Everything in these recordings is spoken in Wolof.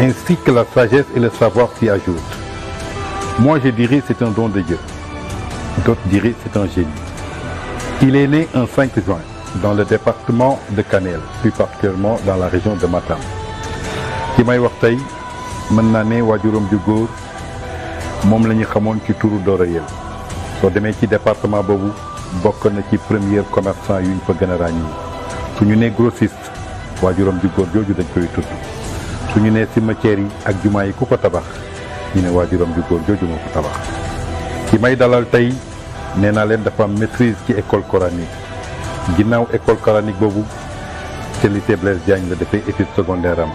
ainsi que la sagesse et le savoir s'y ajoutent. Moi, je dirais c'est un don de Dieu. D'autres diraient c'est un génie. Il est né un 5 juin dans le département de Canel, plus particulièrement dans la région de Matam. ki may wax tey mën naa ne waajuram ju góor moom département boobu bokk na ci premier commerçant à ñu fa gën a ñu nee grossiste waajuram ju góor jooju su ñu nee cimetière yi ak jumaa yi ku ko tabax ñu ne waajuram ju góor moo ko tabax ki may dalal tey nee naa leen dafa am maîtrise ci école coranique ginnaaw école coranique boobu ci lycée Blaise Diagne la defee étude secondaire am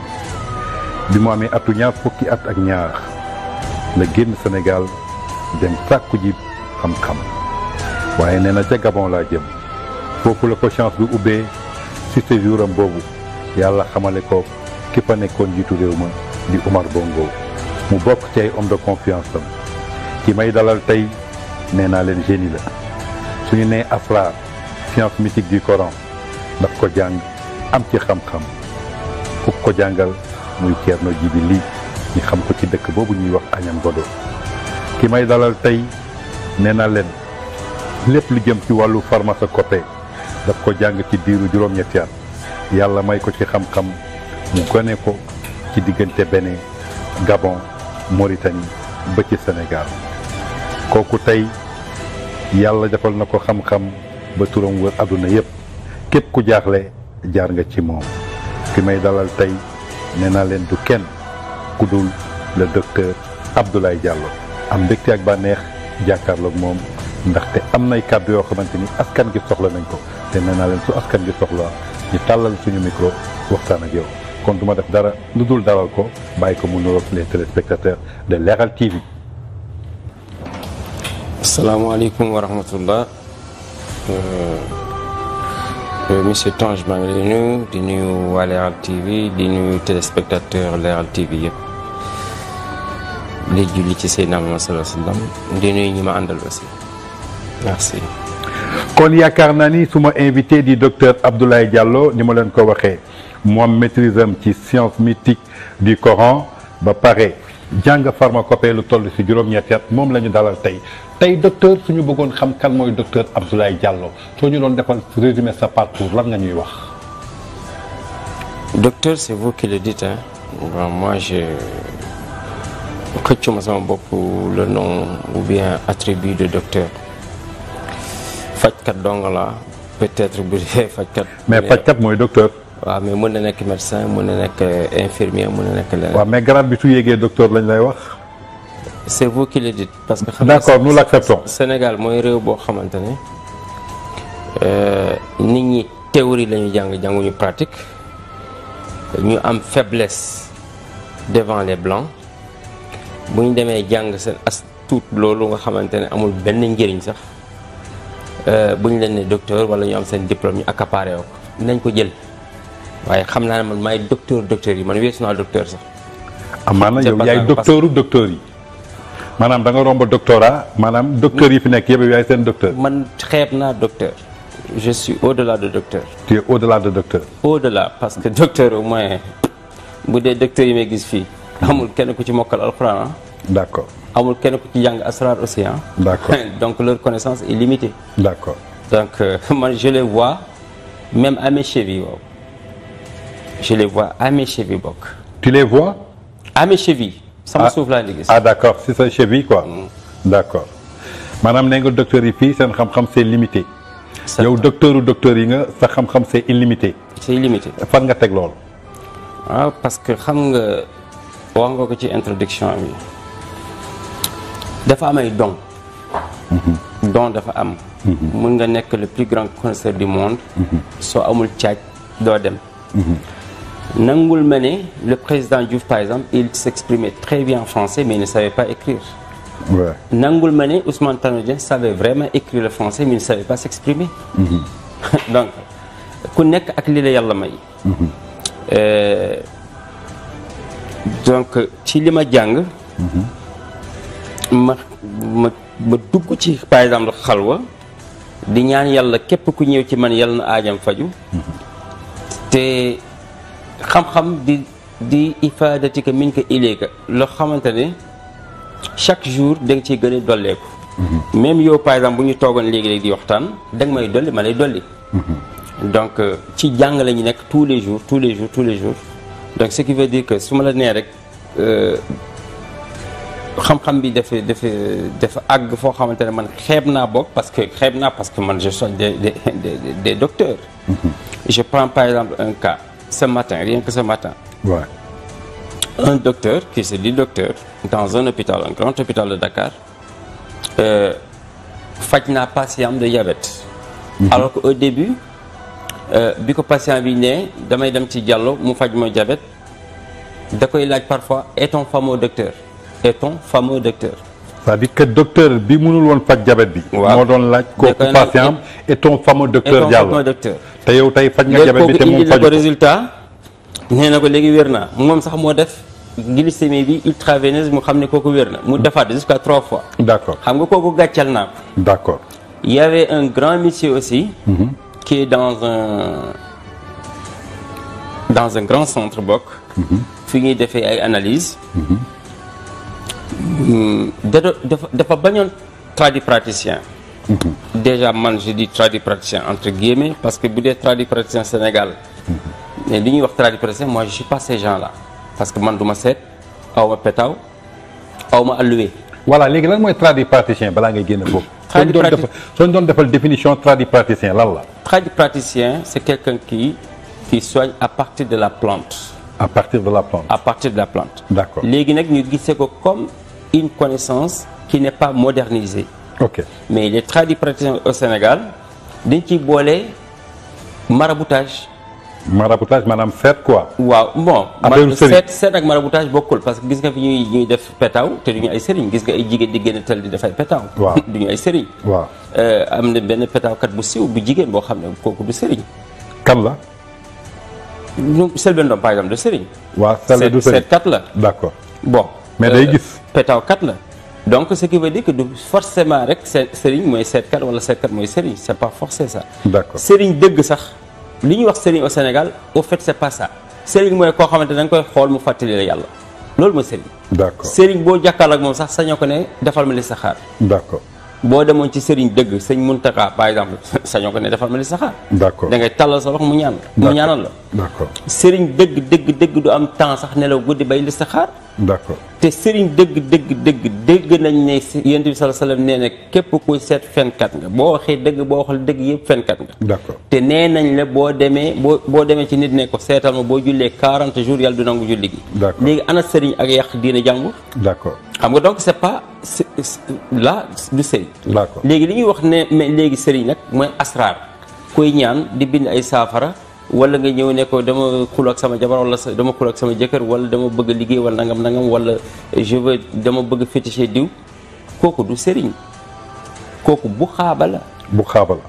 bi mu amee atu ñaar fukki at ak ñaar la génn senegal dem sàkku ji xam-xam waaye nee na ca Gabon laa jëm foofu la ko chance bi ubbee ci séjouram boobu yàlla xamale ko ki fa nekkoon ma di Omar Bongo mu bok ci ay homme de confiance tam ki may dalal tay neena len leen génie la suñu nee afra science mythique du Coran daf ko jang am ci xam-xam ku ko jangal muy cierno Jibi Li xam ko ci dekk bobu ñuy wax Agnam Godo ki may dalal tay neena len lepp lu jëm ci pharmacie pharmacopée daf ko jang ci biiru juroom ñetti yalla may ko ci xam-xam mu gone ko ci diggante Bénin Gabon Mauritanie ba ci Sénégal kooku tey yàlla defal na ko xam-xam ba turam wër àdduna yépp képp ku jaaxle jaar nga ci moom ki may dalal tey nee naa leen du kenn ku dul le docteur Abdoulaye Diallo am mbégte ak bànneex jàkkaarloog moom ndaxte am nay kàddu yoo xamante ni askan gi soxla nañ ko te nee naa leen su askan gi soxla ñu tàllal suñu micro waxtaan ak yow kon du def dara lu dul ko bàyyi ko mu nuyoog les téléspectateurs de Leral TV. asalaamaaleykum wa rahmatullah euh, euh, monsieur Tange maa ngi lay nuyu di nuyu waa Leral TV di nuyu téléspectateurs Leral TV yëpp. di julli ci Seydina Muhammad sallallahu alayhi di nuyu ñi ma àndal aussi merci. kon yaakaar naa ni suma invité di docteur Abdoulaye Diallo ni ma leen ko waxee. Moi, maîtrise un ci science mystique du Coran ba pare Jang pharmacopée lu toll si juróom-ñetti at moom la ñu dalal Tay Tay, docteur suñu bëggoon xam kan moy docteur Abdoulaye Diallo soo ñu doon défal résumé sa parcours lan nga ñuy wax. docteur c'est vous qui le dites hein bon moi je xëccuma sama bopp le nom ou bien attribut de docteur fajkat dong la peut-être bu dee mais fajkat moy docteur waaw mais mën na nekk médecin mën na nekk euh, infirmier mën na nekk leneen. waaw mais garab bi su yéegee docteur lañ lay wax. c'est vous qui le dites parce que. d'accord nous l'acceptons. Sénégal mooy réew boo xamante ne euh, nit ñi théorie la ñu jàng jànguñu pratique ñu am faiblesse devant les blancs bu ñu demee jàng seen as tuut loolu nga xamante ne amul benn njëriñ sax euh, bu ñu leen ne docteur wala ñu am seen diplôme ñu accaparé ko nañ ko jël waaye xam naa ne man suis docteur docteur yi man weesu docteur sax. amaana ah, yow yaay docteuru docteur yi. maanaam da nga romb doctorat maanaam docteur yi fi nekk yëpp yaay seen docteur. man xeeb naa docteur. je suis au-delà de docteur. tu es au-delà de docteur. au-delà parce que docteur au moins bu dee docteur yi may gis fii. amul kenn ku ci mokkal alxuraan ah. d'accord amul kenn ku ci jàng asrar aussi hein. d'accord donc leur connaissance est limitée. d'accord donc euh, man je les vois même à mes chevilles waaw. Je les vois à mes chevilles Bok. tu les vois. à mes chevilles. me suuf ah. sauve la ligue. ah d'accord, c'est ça cheville quoi. Mm. D'accord. Madame maanaam docteur yi fii seen xam-xam c'est limité. yow docteuru docteur ou docteur sa xam-xam c'est c'est illimité. C'est illimité fan nga teg ah, parce que xam nga wax nga ko ci introduction bi dafa am dons. don. Mm-hmm. don dafa am. Tu mm-hmm. nga être le plus grand conseil du monde. Mm-hmm. soit amul caaj doo dem nangul le président Diouf par exemple il s'exprimait très bien en français mais il ne savait pas écrire. Ouais. nangul Ousmane Tanor savait vraiment écrire le français mais il ne savait pas s'exprimer. -hmm. donc ku nekk ak yalla mhm. euh, donc ci li ma jàng. Mhm. ma ma ma ci par exemple le di ñaan yàlla képp ku ñëw ci man yàlla na aajam faju mhm xam-xam di di ifaadatika min ko ileeka loo xamante ne chaque jour da nga ciy gën a dolleeku mhm. même yow par exemple bu ñu toogoon léegi-léegi di waxtaan da nga may dolli ma lay dolli mhm. donc euh, ci jàng la ñu nekk tous les jours tous les jours tous les jours donc ce qui veut dire que su ma la nee rek euh, xam-xam bi dafa dafa dafa àgg foo xamante ne man xeeb naa bopp parce que xeeb naa parce que man je suis des des des docteurs mhm. je prends par exemple un cas ce matin, rien que ce matin. Un docteur qui se dit docteur dans un hôpital, un grand hôpital de Dakar, euh, une patient de diabète. Mhm. Alors qu'au début, euh, le patient est venu, dem ci diallo mu fait mo diabète Il il laaj parfois est-on fameux docteur est-on fameux docteur cest que docteur bi mënul woon faj jabet bi. waaw moo doon laaj patient et ton fameux docteur Diallo te yow tey faj nga jabet bi te moom faju ko résultat nee na ko léegi wér naa moom sax moo def glycémie bi ultraveineuse mu xam ne kooku wér na mu defaat jusqu'à trois fois. d'accord xam nga kooku gàccal d'accord il y avait un grand monsieur aussi. Mm-hmm. qui est dans un dans un grand centre bokk. Mm-hmm. fi ñuy defee ay analyses. Mm-hmm. Hmm. dafa dafa bañoon tradipraticien hmm. déjà man je dis tradipraticien entre guillemets parce que bu dee tradipraticien Sénégal hmm. mais li ñuy wax tradipraticien moi je suis pas ces gens là parce que man douma ma awma pétaw awma allué voilà légui lan mooy tradipraticien bala ngay génn bok son don defal defal définition tradipraticien lan la tradipraticien c'est quelqu'un qui qui soigne à partir de la plante à partir de la plante à partir de la plante d'accord légui nak ñu gissé ko comme une connaissance qui n'est pas modernisée. ok mais les traditions au Sénégal dañ maraboutage. maraboutage madame fait quoi. waouh bon. c'est fait maraboutage beaucoup parce que gis nga ñuy def petaaw te ñu ay sëriñ nga ay série di def ñu ay waaw euh, am bu bu par exemple série. waaw d'accord bon mais euh, day gis kat la donc ce qui veut dire que du forcément rek moy set kat wala kat moy serigne c'est pas forcé ça d'accord serigne deug sax li ñuy wax serigne au Sénégal au fait c'est pas ça serigne moy ko xamante da koy xol mu fàttali la yàlla loolu mooy sëriñ d'accord serigne bo jàkkaarloo ak mom sax sañoo ko né defal ma li saxaar d'accord bo demoon ci serigne deug serigne Muntaxa par exemple sañoo ko ne defal ma li saxaar d'accord da ngay tallal sa wax mu ñaan mu ñaanal la d'accord serigne deug deug deug du am temps sax nelaw guddi bay li d'accord te sëriñ dëgg dëgg dëgg dëgg nañ ne yonent bi sallallahu alayhi nee nag képp kuy seet fenkat nga boo waxee dëgg boo waxal dëgg yëpp fenkat nga d'accord te nee nañ la boo demee boo boo demee ci nit ne ko seetal ma boo jullee 40 jours yàlla du nangu julli gi léegi ana sëriñ ak yàq diina jàngu d'accord xam nga donc c'est pas là du sëriñ léegi li ñuy wax ne léegi sëriñ nag mooy asraar kuy ñaan di bind ay saafara wala nga ñëw ne ko dama kul ak sama jabar wala dama kul ak sama jëkkër wala dama bëgg liggéey wala nangam nangam wala je veux dama bëgg fétiché diw kooku du sëriñ kooku bu xaaba la bu xaaba la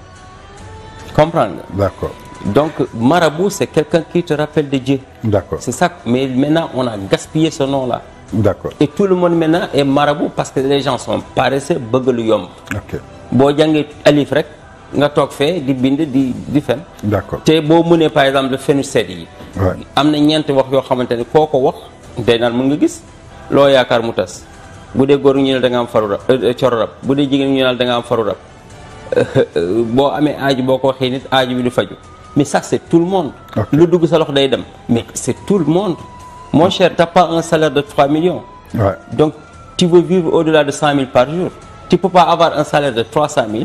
comprendre nga d'accord donc marabout c'est quelqu'un qui te rappelle de Dieu d'accord c'est ça mais maintenant on a gaspillé ce nom là d'accord et tout le monde maintenant est marabout parce que les gens sont paresseux bëgg lu yomb ok boo jàngee alif rek nga tok fe di bind di di fen d'accord te boo mënee par exemple fenu seet yi amna ñent wax yo xamanteni koko wax day nal mën nga gis lo yaakar mu tass bu dé gor ñu da nga am faru rab euh, euh, coro rab bu dé jigen ñu da nga am faru rab bo amé aaji boko ko waxee nit aaju bi du faju mais ça c'est tout le monde lu dugg sa lox day dem mais c'est tout le monde mon cher t'as pas un salaire de 3 millions ouais. donc tu veux vivre au-delà de 100 000 par jour tu peux pas avoir un salaire de 300 000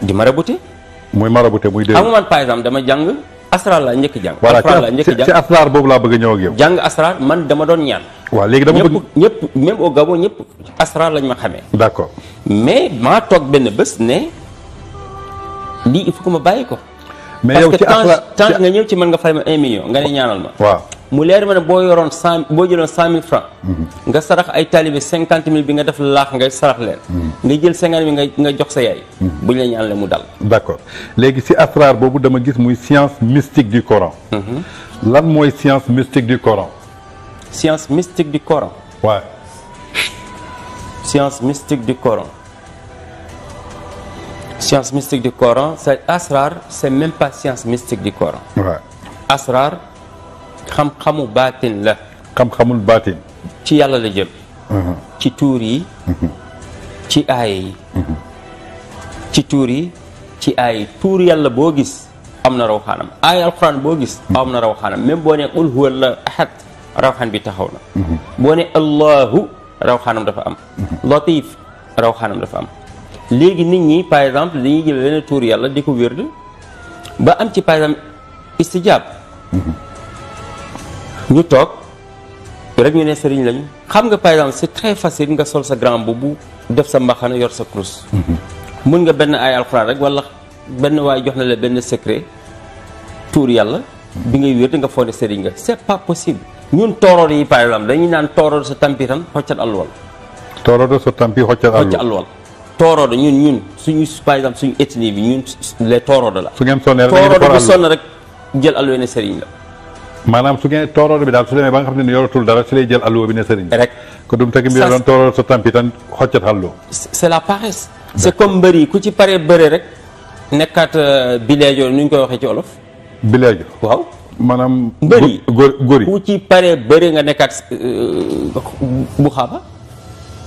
di marabouté moy marabouté muy dégg amuman par exemple dama jang asrar la ñëk jang voilà, asrar la ñëk jang ci asrar bobu la bëgg ñëw ak yow jang asrar man dama doon ñaan wa légui dama bëgg ñëpp même au gabon ñëpp asrar lañ ma xamé d'accord mais ma tok ben bëss né li il faut que ma bayiko mais yow ci asrar tant nga ñëw ci man nga fay ma 1 million nga ñaanal ma wa d'accord léegi si asraar boobu dama gis science mystique du Coran mhm. La science mystique du Coran science mystique du Coran science mystique du Coran science mystique du Coran c'est Asrar, c'est même pas science mystique du Coran Asrar, xam-xamu baatin la. xam-xamul baatin. ci yàlla la jëm. Uh-huh. Uh-huh. Uh-huh. ci tuur yi. ci aay yi. ci tuur yi ci aay yi yàlla boo gis am na raw xaanam aay alquran boo gis. am na raw xaanam même boo ne qul huwa allahu ahad raw bi taxaw na. boo ne allahu raw dafa am. latif raw dafa am. léegi nit ñi par exemple dañuy jël benn tuur yàlla di ko wérd ba am ci par exemple istijaab. ñu toog rek ñu ne sëriñ lañ xam nga par exemple c'est très facile nga sol sa grand boubou def sa mbaxana yor sa kurus. mun mhm. nga benn ay alxuraan rek wala benn waay jox na la benn secret tuur yàlla. Mhm. bi ngay wér di nga foog ne sëriñ nga c'est pas possible. ñun tooroor yi par exemple dañuy naan tooroor sa tampi tan xoccat alluwal. tooroor sa tampi xoccat alluwal tooroor ñun ñun suñu par exemple suñu ethnie bi ñun les tooroor la. su ngeen sonnee rek tooroor bu sonn rek jël alluwa ne maanaam su ngeen tooroor bi daal su demee ba nga xam ne yoratul dara si lay jël alluwa bi ne sëriñ rek ko dum tagi mbi doon tooroor sa tampi tan xoccat alluwa c'est la paresse c'est comme mbër yi ku ci paree bëre rek nekkaat euh, bileejo nu ñu koy waxee ci olof bileejo waaw maanaam mbër yi góor yi ku ci paree bëre nga nekkaat euh, bu xaaba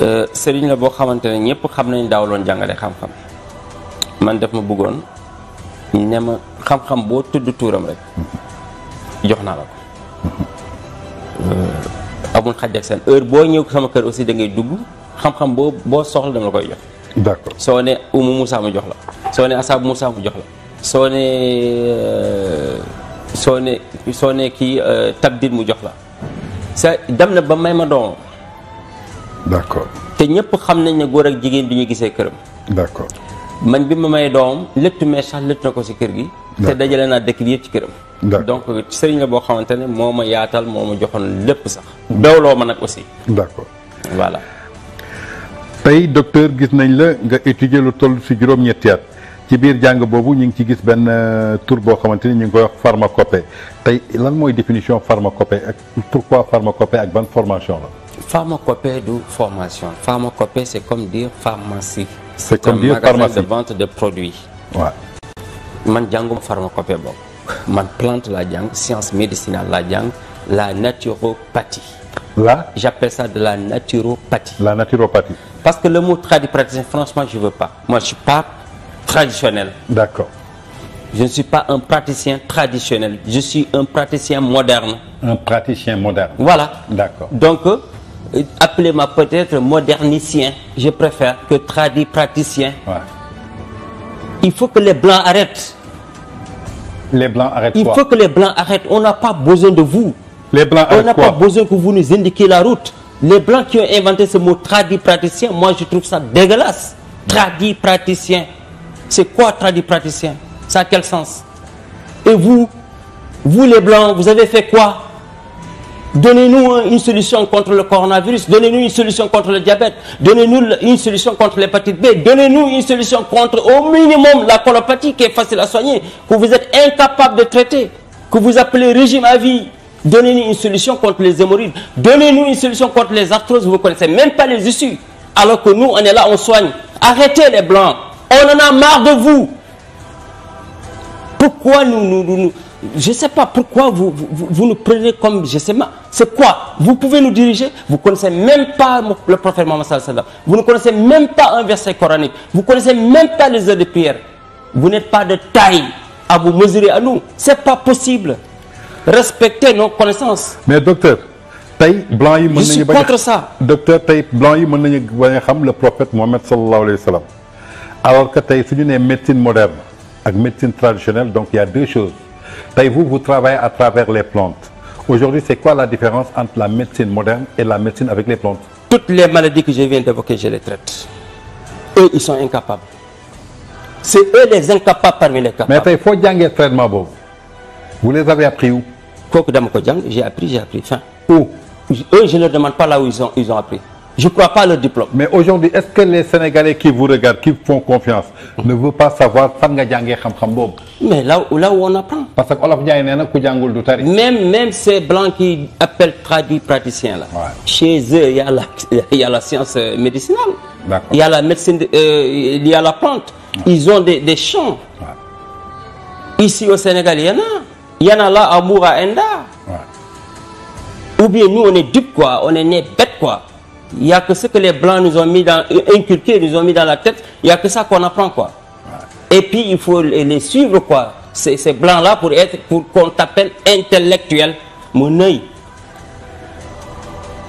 Euh, sëriñ la boo xamante ne ñëpp xam nañ daaw loon jàngale xam-xam man def ma buggoon ne ma xam-xam boo tudd tuuram rek jox naa la ko euh, amul xaj ak seen heure boo ñëw sama kër aussi da ngay dugg xam-xam boo boo soxla dama la koy jox d'accord soo ne umu Moussa mu jox la soo ne asaabu Moussa mu jox la soo ne euh, soo ne soo ne kii tabdil mu jox la sa dem na ba may ma doomam d'accord te ñëpp xam nañ ne góor ak jigéen bi ñu gisee këram. d'accord man bi ma may doom lëttu mais sax lëtt na ko si kër gi. te dajale naa dëkk bi ci këram. donc sëriñ la boo xamante ne moo ma yaatal moo ma joxoon lépp sax. bewloo ma nag aussi. d'accord voilà. tey docteur gis nañ la nga étudier lu toll si juróom-ñetti ci biir jàng boobu ñu ngi ci gis benn euh, tur boo xamante ni ñu ngi koy wax pharmacopée tey lan mooy définition pharmacopée ak pour pourquoi pharmacopée ak ban formation pharmacopée de formation. Pharmacopée, c'est comme dire pharmacie. C'est comme un magasin pharmacie. de vente de produits. Ouais. man jàngum pharmacopée Je plante la science médicinale la la naturopathie. là j'appelle ça de la naturopathie. la naturopathie. parce que le mot tradipraticien franchement je veux pas moi je suis pas traditionnel. d'accord. je ne suis pas un praticien traditionnel je suis un praticien moderne. un praticien moderne. voilà. d'accord donc appelez-moi peut-être modernicien, je préfère que tradit praticien. Il faut que les Blancs arrêtent. Les Blancs arrêtent Il faut que les Blancs arrêtent. On n'a pas besoin de vous. Les Blancs On n'a pas besoin que vous nous indiquiez la route. Les Blancs qui ont inventé ce mot tradit praticien, moi je trouve ça dégueulasse. Tradit praticien. C'est quoi tradit praticien Ça a quel sens Et vous, vous les Blancs, vous avez fait quoi Donnez-nous une solution contre le coronavirus, donnez-nous une solution contre le diabète, donnez-nous une solution contre l'hépatite B, donnez-nous une solution contre au minimum la colopathie qui est facile à soigner, que vous êtes incapable de traiter, que vous appelez régime à vie. Donnez-nous une solution contre les hémorroïdes, donnez-nous une solution contre les arthroses, vous ne connaissez même pas les issues. Alors que nous, on est là, on soigne. Arrêtez les blancs, on en a marre de vous. Pourquoi nous, nous, nous, nous je ne sais pas pourquoi vous, vous, vous, nous prenez comme, je sais pas, c'est quoi Vous pouvez nous diriger, vous ne connaissez même pas le prophète Mohammed wasallam Vous ne connaissez même pas un verset coranique, vous ne connaissez même pas les heures de prière. Vous n'êtes pas de taille à vous mesurer à nous. Ce n'est pas possible. Respectez nos connaissances. Mais docteur, Je blanc contre ça. docteur taille blanc le prophète Mohamed sallallahu alaihi wasallam alors que taille, c'est une médecine moderne Avec médecine traditionnelle donc il y a deux choses vous, travaillez à travers les plantes. Aujourd'hui, c'est quoi la différence entre la médecine moderne et la médecine avec les plantes Toutes les maladies que je viens d'évoquer, je les traite. Eux, ils sont incapables. C'est eux les incapables parmi les capables. Mais il faut ma traitement. Vous les avez appris où J'ai appris, j'ai appris. Enfin, où Eux, je ne leur demande pas là où ils ont appris. Je ne crois pas le diplôme. Mais aujourd'hui, est-ce que les Sénégalais qui vous regardent, qui font confiance, ne veulent pas savoir Mais là, où on apprend. Parce que Même, même ces blancs qui appellent traduit praticiens, là, chez eux, il y, a la, science euh, médicinale, il y a la médecine, euh, il y a la plante, ils ont des, champs. Ici au Sénégal, il y en a. Il y en a là à Moura Enda. Ou bien nous, on est dupes, quoi, on est nés bêtes, quoi. Il n'y a que ce que les Blancs nous ont mis dans, inculqué, nous ont mis dans la tête. Il n'y a que ça qu'on apprend, quoi. Et puis, il faut les suivre, quoi. Ces, ces Blancs-là pour être, pour qu'on t'appelle intellectuel. Mon œil.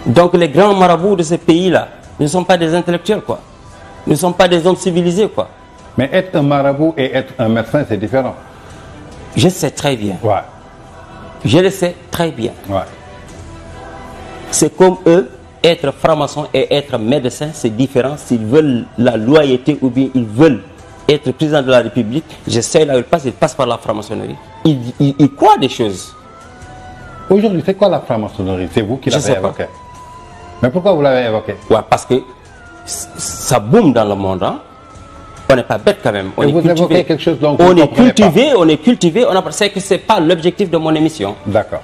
Donc, les grands marabouts de ces pays-là ne sont pas des intellectuels, quoi. Ne sont pas des hommes civilisés, quoi. Mais être un marabout et être un médecin, c'est différent. Je sais très bien. Ouais. Je le sais très bien. Ouais. C'est comme eux, être franc-maçon et être médecin, c'est différent. S'ils veulent la loyauté ou bien ils veulent être président de la République, j'essaie là où ils passent, ils passent par la franc-maçonnerie. Ils, des choses. Aujourd'hui, c'est quoi la franc-maçonnerie C'est vous qui l'avez évoqué. Mais pourquoi vous l'avez évoqué Parce que ça boom dans le monde. Hein. On n'est pas bête quand même. On est vous évoquez quelque chose dont on, est cultivé, on est cultivé, on est cultivé. que ce n'est pas l'objectif de mon émission. D'accord.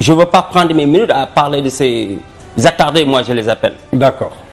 Je ne veux pas prendre mes minutes à parler de ces attardés, moi je les appelle. D'accord.